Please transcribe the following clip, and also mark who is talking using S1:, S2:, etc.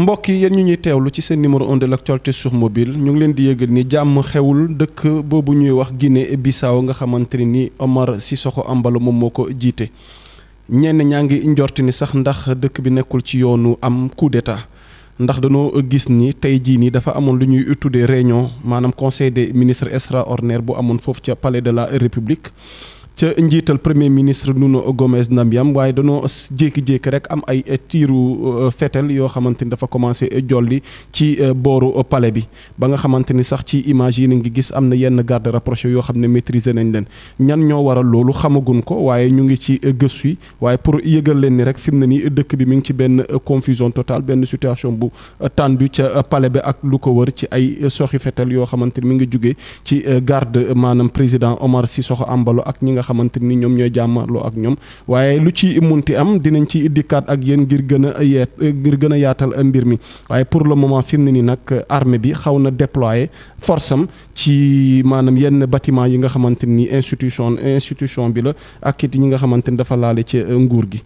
S1: mbokk yi yéen ñu ñuy teewlu ci seen numéro 1 de l'actualité sur mobile ñu ngi leen di yëgal ni jàmm xewul dëkk boobu ñuy wax Guinée Bissau nga xamante ne ni Omar Sissoko Embalo moom moo ko jiite. ñenn ñaa ngi njorti ni sax ndax dëkk bi nekkul ci yoonu am coup d'état ndax danoo gis ni tey jii nii dafa amoon lu ñuy tuddee réunion maanaam conseil des ministres extraordinaire bu amoon foofu ca palais de la république. ca njiital premier ministre Nuno Gomes Nambiam waaye danoo jékki-jékki rek am ay eh, tiiru eh, fetel yoo xamante ni dafa commencé eh, jolli ci booru palais bi ba nga xamante ni sax ci image yi na ngi gis am na yenn garde rapproché yoo xam ne maîtriser nañ leen ñan ñoo waral loolu xamagun ko waaye ñu ngi ci gëstu waaye pour yëgal leen ni rek fi mu ne nii dëkk bi mi ngi ci benn confusion totale benn situation bu tendu ca pale bi ak lu ko wër ci ay soxi fetel yoo xamante ni mi ngi jugee ci garde maanaam président Omar Sissoko Ambalo ak ñi nga xamante ni ñoom ñooy jàmmaloo ak ñoom waaye lu ci munti am dinañ ci dikkaat ak yéen ngir gën a yeet ngir gën a yaatal mbir mi waaye pour le moment fi mu ne nii nag armée bi xaw na déployer force am ci maanaam yenn bâtiment yi nga xamante ni institution institution bi la ak it ñi nga xamante ni dafa
S2: laale ci nguur gi.